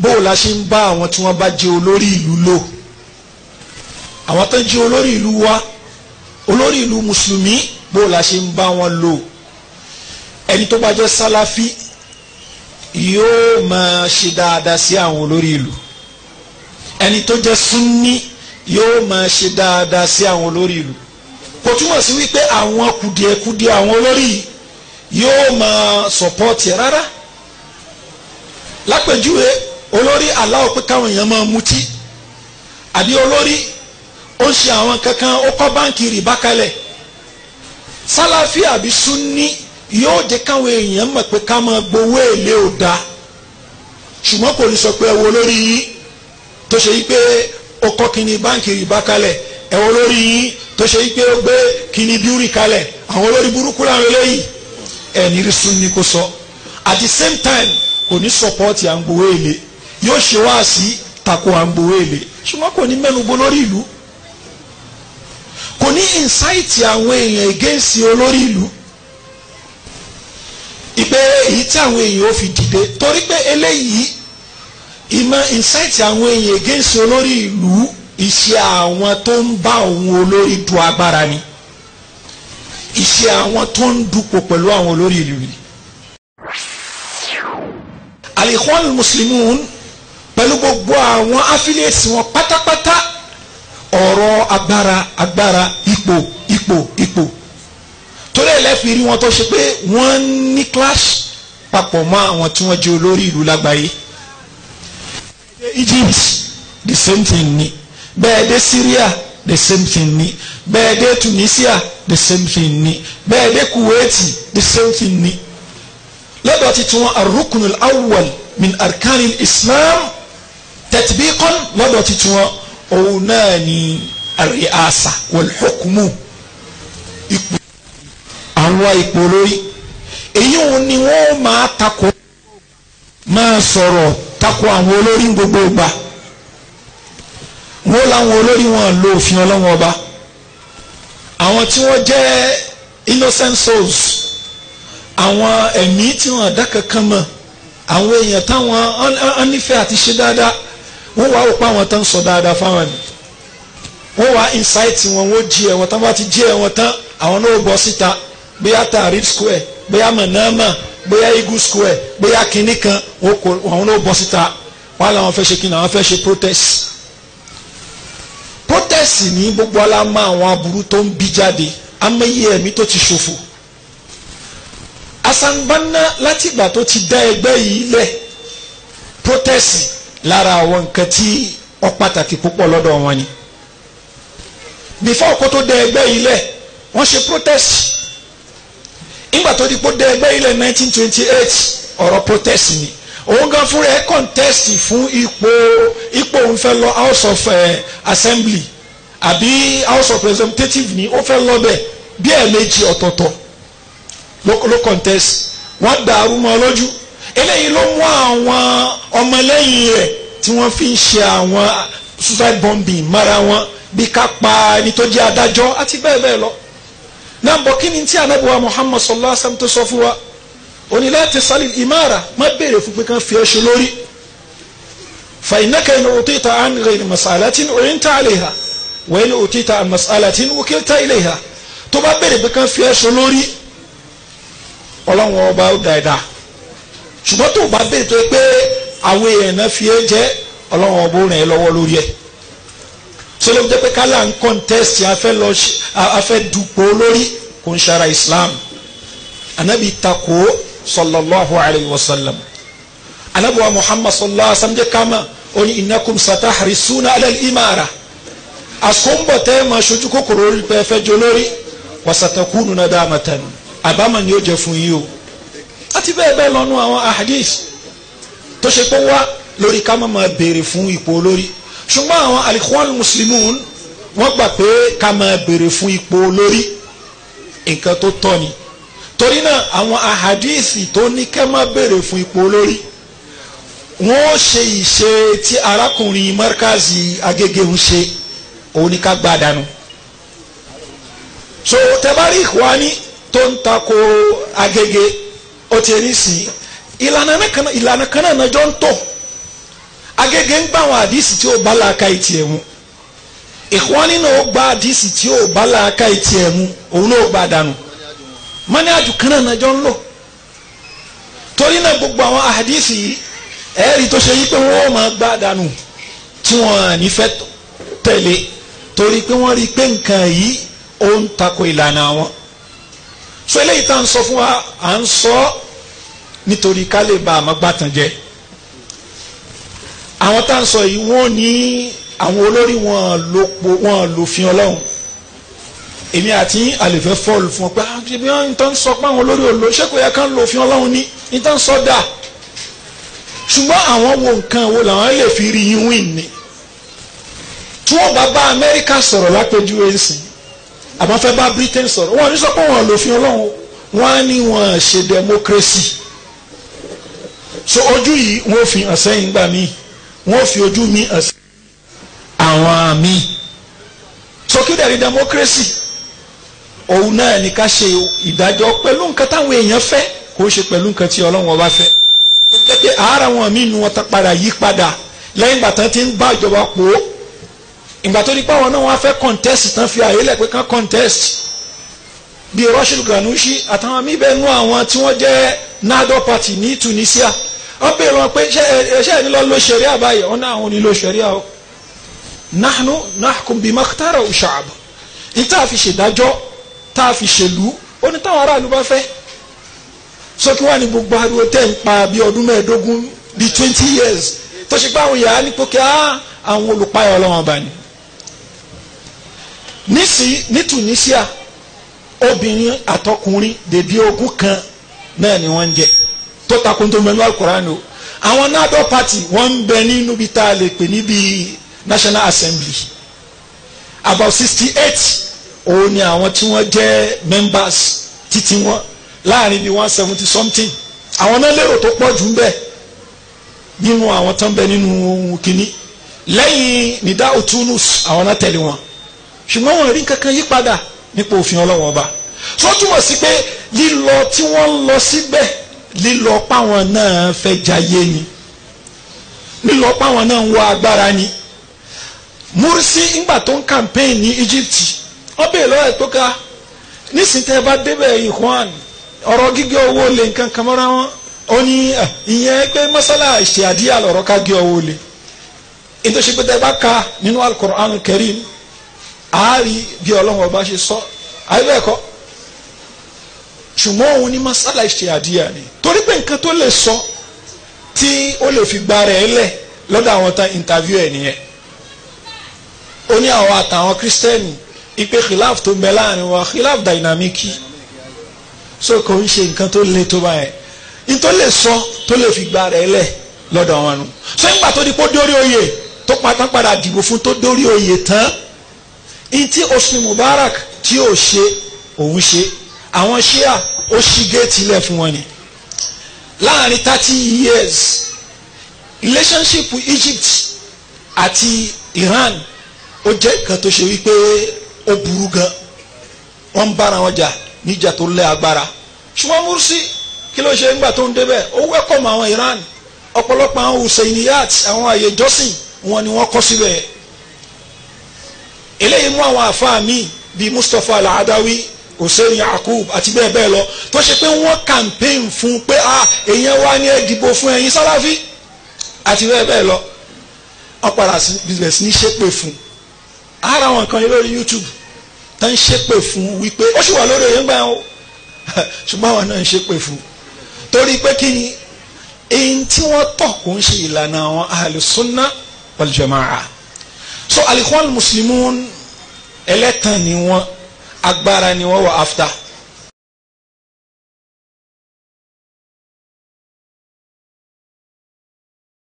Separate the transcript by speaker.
Speaker 1: bó la ṣe ń bá àwọn tí wọ́n bá jẹ́ olórí ìlú lò àwọn tó ń jẹ́ olórí ìlú wa olórí ìlú mùsùlùmí bó la ṣe ń bá wọn lò ẹni tó bá jẹ́ sálàfí yóò máa ṣe dáadáa sí àwọn olórí ìlú ẹni tó jẹ́ súnní yóò máa ṣe dáadáa sí àwọn olórí ìlú kò túmọ̀ sí wípé àwọn kùdìẹ̀kùdìẹ̀ àwọn olórí yóò máa sọ̀pọ̀tì rárá lápèjúwe olórí aláwọ̀ pé káwọn èèyàn máa mutí àbí olórí ó ń ṣe àwọn kankan ó kọ́ báǹkì rìbá kalẹ̀ sálàfí àbí súnni yóò jẹ́ káwọn èèyàn mọ̀ pé ká máa gbowó èlé ò da ṣùgbọ́n kò ní sọ pé ẹ wo olórí yín tó ṣe yí pé ó kọ́ kíní báǹkì rìbá kalẹ̀ ẹ olórí yín tó ṣe yí pé ó gbé kíní bíúrì kalẹ̀ àwọn olórí burúkú làwọn eléyìí ẹ̀ ní rí súnni kó sọ at the same time kò ní sọpọ́ọ̀tì à ń gbowó èlé yóò ṣe wá sí tako àǹgbòwé èlé ṣùgbọ́n kò ní mẹ́nubó lórí ìlú kò ní ìnsáìtì àwọn èèyàn ìgéǹsì olórí ìlú ìpè èyí tí àwọn èèyàn ò fi dìde torí pé eléyìí ìmọ̀ ìnsáìtì àwọn èèyàn ìgéǹsì olórí ìlú ìṣe àwọn tó ń bá òun olórí du agbára ni ìṣe àwọn tó ń dupò pẹ̀lú àwọn olórí ìlú ni. alikhwan muslimun pẹ̀lú gbogbo àwọn affiliates wọn pátápátá ọ̀rọ̀ agbára agbára ipò ipò ipò torí ẹ̀ lẹ́fì rí wọn tó ṣe pé wọ́n ní clash papọ̀ mọ́ àwọn tí wọ́n jẹ́ olórí ìlú lágbàáyé Egypt the same thing ni bẹ́ẹ̀ dé Syria the same thing ni bẹ́ẹ̀ dé Tunisia the same thing ni bẹ́ẹ̀ dé Kuwait the same thing ni lọ́dọ̀ ti tún wọn arukunul awwal min arkanil Islam tatbiqan lọ́dọ̀ titun wọn òun náà ni ar-ri'asa wal-hukmu ipò àwọn ipò lórí èyí òun ni wọ́n máa takò máa sọ̀rọ̀ takò àwọn olórí gbogbo ìgbà wọ́n láwọn olórí wọn lo òfin ọlọ́wọ́n ọba àwọn tí wọ́n jẹ́ innocent souls àwọn ẹ̀mí tí wọ́n àdá kankan mọ̀ àwọn èèyàn táwọn ọ̀nífẹ́ àti ṣe dáadáa wọ́n wá òpá wọn tán sọ dáadáa fáwọn ni wọ́n wá insight wọn wọ́n jí ẹ wọn tán bá ti jí ẹ wọn tán àwọn náà bọ́ síta bóyá tarif square bóyá manama bóyá eagle square bóyá kinní kan àwọn náà bọ́ síta wọ́n làwọn fẹ́ ṣe kí ni àwọn fẹ́ ṣe protest protest ní gbogbo alámọ àwọn aburú tó ń bí jáde amáyé ẹ̀mí tó ti ṣòfò Asan Banna látìgbà tó ti dá ẹgbẹ́ yìí lẹ̀ protest lára àwọn nǹkan tí ó pàtàkì púpọ̀ lọ́dọ̀ wọn ni before kó tó dẹ ẹgbẹ́ ilẹ̀ wọ́n ṣe protest nígbà tó di kó dẹ ẹgbẹ́ ilẹ̀ 1928 ọ̀rọ̀ protest ni òun gan fúnra ẹ contest fún ipò ipò òun fẹ́ lọ house of uh, assembly àbí house of representative ni ó fẹ́ lọ bẹ̀ bí ẹ̀ méjì ọ̀tọ̀ọ̀tọ̀ ló contest wọ́n dàrú mọ́ lójú eléyìí ló mú àwọn ọmọlẹ́yìn rẹ̀ tí wọ́n fi ń ṣe àwọn suicide bombing mara wọn bí ká pa ẹni tó jẹ́ adájọ́ àti bẹ́ẹ̀ bẹ́ẹ̀ lọ náà bọ̀ kí ni tí anábìwá Muhammad sallallahu alaihi wa sallam tó sọ fún wa òní láti sálì ìmára má béèrè fún pé kán fi ọṣù lórí fàyínákà ìnà òtítà an ghayri masalatin urinta alayha wa ìnà òtítà an masalatin ukilta ilayha tó bá béèrè pé kán fi ọṣù lórí ọlọ́wọ́n ọba ó dáadáa ṣùgbọ́n tó bá béèrè tó pé àwọn èèyàn náà fi é jẹ́ ọlọ́run ọbọ̀ ràn ẹ́ lọ́wọ́ lórí ẹ̀ so ló jẹ́ pé kálá ń kọ́ńtẹ́sì afẹ́ lọ afẹ́ dupò lórí kò ń ṣara Islam anabi tako sallallahu alayhi wa sallam anabi wa Muhammad sallallahu alayhi wa sallam jẹ́ kama oni innakum satahrisuna ala imara asombo ma sojú kòkòrò orí pé jọ lórí wa satakunu nadamatan àbámọ̀ ni ó jẹ́ fún yín o àti bẹ́ẹ̀ bẹ́ẹ̀ lọ́nu àwọn ahadith tó ṣe pé wá lórí ká máa máa béèrè fún ipò olórí ṣùgbọ́n àwọn alikhwan muslimun wọ́n gbà pé ká máa béèrè fún ipò olórí nǹkan tó tọ́ ni torí náà àwọn ahadíìsì tó ní ká máa béèrè fún ipò olórí wọ́n ṣe ìṣe tí arákùnrin markazi agége ń ṣe òun ni ká gbá dànù so tẹ́bárí ìwání tó ń tako agége ó ti rí sí i ìlànà kan ìlànà kan náà nàjọ ń tọ̀ agége ń gbà àwọn àdìsí tí ó bá làákà ìtì ẹ̀ mu ìkwan nínú ó gba àdìsí tí ó bá làákà ìtì ẹ̀ mu òun náà gba àdánù mọ́ni àjù kan náà nàjọ ń lò torí náà gbogbo àwọn àdìsí ẹ̀ẹ́rì tó ṣe yí wọ́n máa gba àdánù tí wọ́n ní fẹ́ tẹ̀lé torí pé wọ́n rí i pé nǹkan yìí ó ń tako ìlànà wọn so eléyìí tá à ń sọ fún wa à ń sọ ọ́ nítorí ká lè ba àmọ́ gbàtàn jẹ àwọn tá à ń sọ yìí wọ́n ní àwọn olórí wọn lò po wọn lò fin ọlọ́run èmi àti àlèfẹ́ fọ́ọ̀lù fún ọ pé àbí ah, wọn tó ń sọ pé àwọn olórí òlò ṣé kò lò fin ọlọ́run ní ní sọ dà ṣùgbọ́n àwọn wo nǹkan wo làwọn lè fi rí yín wìn ni tí wọ́n bá bá Amẹ́ríkà sọ̀rọ̀ lápẹjúwe ńsìn àmọ́ fẹ́ bá Britain sọ̀rọ̀ wọn ò ní sọ pé wọn lò fin ọlọ́run wọn á ní wọn ṣe democracy so ojú yìí wọ́n fi hàn sẹ́yìn gbà mí wọ́n fi ojú mi hàn sẹ́yìn àwọn mi so kí dẹ̀rí democracy òun náà ní ká ṣe ìdájọ́ pẹ̀lú nǹkan táwọn èèyàn fẹ́ kó ṣe pẹ̀lú nǹkan tí ọlọ́run ọba fẹ́ pé ara wọn mi nu wọn ta padà yí padà lẹ́yìn ìgbà tán ti ń bá ìjọba pò ó ìgbà tó ní pé àwọn náà wọ́n fẹ́ contest tán fi àyè lẹ̀ kán contest bíi Rashid Ganushi àtàwọn mí bẹ́ẹ̀ nú àwọn tí wọ́n jẹ́ nado party ní Tunisia wọ́n bèèrè wọn pé ṣé ẹni lọ lo ṣẹ̀ríà báyìí wọ́n náà àwọn onílò ṣẹ̀ríà o nahnu nahkum bima ikhtara sha'b ìta fi ṣèdájọ́ tá a fi ṣèlú ó ní táwọn aráàlú bá fẹ́ sókè wà ní gbogbo ariwo tẹ́ ń pa bíi ọdún mẹ́ẹ̀ẹ́dógún bíi twenty years tó ṣe pé àwọn yàrá ní pókè á àwọn olùpayọ̀ ọlọ́wọ́n bá ní. ní Tunisia obìnrin àtọkùnrin dèbí ogún kan náà ni wọ́n ń jẹ tó takun tó mẹ́nu alukurani o àwọn nado party wọ́n ń bẹ nínú bí tá a lè pè níbi national assembly about sixty eight òun ni àwọn tí wọ́n jẹ́ members títí wọn láàrin bíi one seventy something àwọn náà lérò tó pọ̀ jù ń bẹ nínú àwọn tó ń bẹ nínú kínní lẹ́yìn nìdá otunus àwọn náà tẹ̀lé wọn ṣùgbọ́n wọn rí kankan yí padà nípa òfin ọlọ́wọ́n ọba sọ túmọ̀ sí pé lílọ tí wọ́n lọ síbẹ̀. Si lílọ páwọn náà fẹ́ jayé ni lílọ páwọn náà ń wá agbára ni Morsi ńgbà tó ń campaign ní Egypt wọ́n bèèrè lọ́wọ́ ẹ̀ tó ká nísìnyí tẹ́ ẹ bá débẹ̀ ìhwan ọ̀rọ̀ gígé owó lè nǹkan kan mọ́ra wọn ó ní ìyẹn pé mọ́sálà àdíyà lọ́rọ̀ ká gé owó lè nítorí pé tẹ́ bá ka nínú Al-Qur'an Karim àárí bí Ọlọ́run ọba ṣe sọ àyẹ̀bẹ̀ kọ́ ṣùgbọ́n òun ní masala ìṣèyàdíyà ni torí pé nǹkan tó lè sọ tí ó lè fi gba rẹ̀ lẹ̀ lọ́dọ̀ àwọn tán interview ẹ̀ nìyẹn ó ní àwọn àtàwọn kírísítẹ́nì ipe khilaf tó bẹ láàrin wa khilaf dynamiki so kò ń ṣe nǹkan tó le tó báyẹn nítorí lè sọ tó lè fi gba rẹ̀ lẹ̀ lọ́dọ̀ àwọn nu so nígbà tó di pé ó dórí oyè tó pátá padà dìbò fún tó dórí oyè tán ntí Hosni Mubarak tí ò ṣe òun ṣe àwọn ṣíà ó ṣí géètì ilẹ̀ fún wọn ni láàrin thirty years relationship with Egypt àti Iran ó jẹ́ nǹkan tó ṣe wípé ó burú gan wọ́n ń bára wọn jà níjà tó lé agbára ṣùgbọ́n Mursi kí ló ṣe nígbà tó ń débẹ̀ ó wẹ́kọ̀mù àwọn Iran ọ̀pọ̀lọpọ̀ àwọn Hussainiyat àwọn àyè ìjọsìn wọn ni wọ́n kọ́ síbẹ̀ eléyìí mú àwọn àfáà míì bíi Mustapha Al-Adawi hussein yakub àti bẹ́ẹ̀ bẹ́ẹ̀ lọ tó ṣe pé wọ́n campaign fún pé ah èèyàn wá ní ẹ dìbò fún ẹ̀yin sáláfí àti bẹ́ẹ̀ bẹ́ẹ̀ lọ wọ́n padà bẹ̀rẹ̀ ní ṣépè fún ara wọn kan lórí youtube tó ń ṣépè fún wípé ó sì wà lórí èyí ń gbà ó ṣùgbọ́n àwọn náà ń ṣépè fún torí pé kí ni èyí tí wọ́n tọ̀ kò ń ṣe ìlànà àwọn alùsùnà wal jamaa so alikwal muslimun ẹlẹ́tàn ni wọ́n agbára ni wọ́n wà after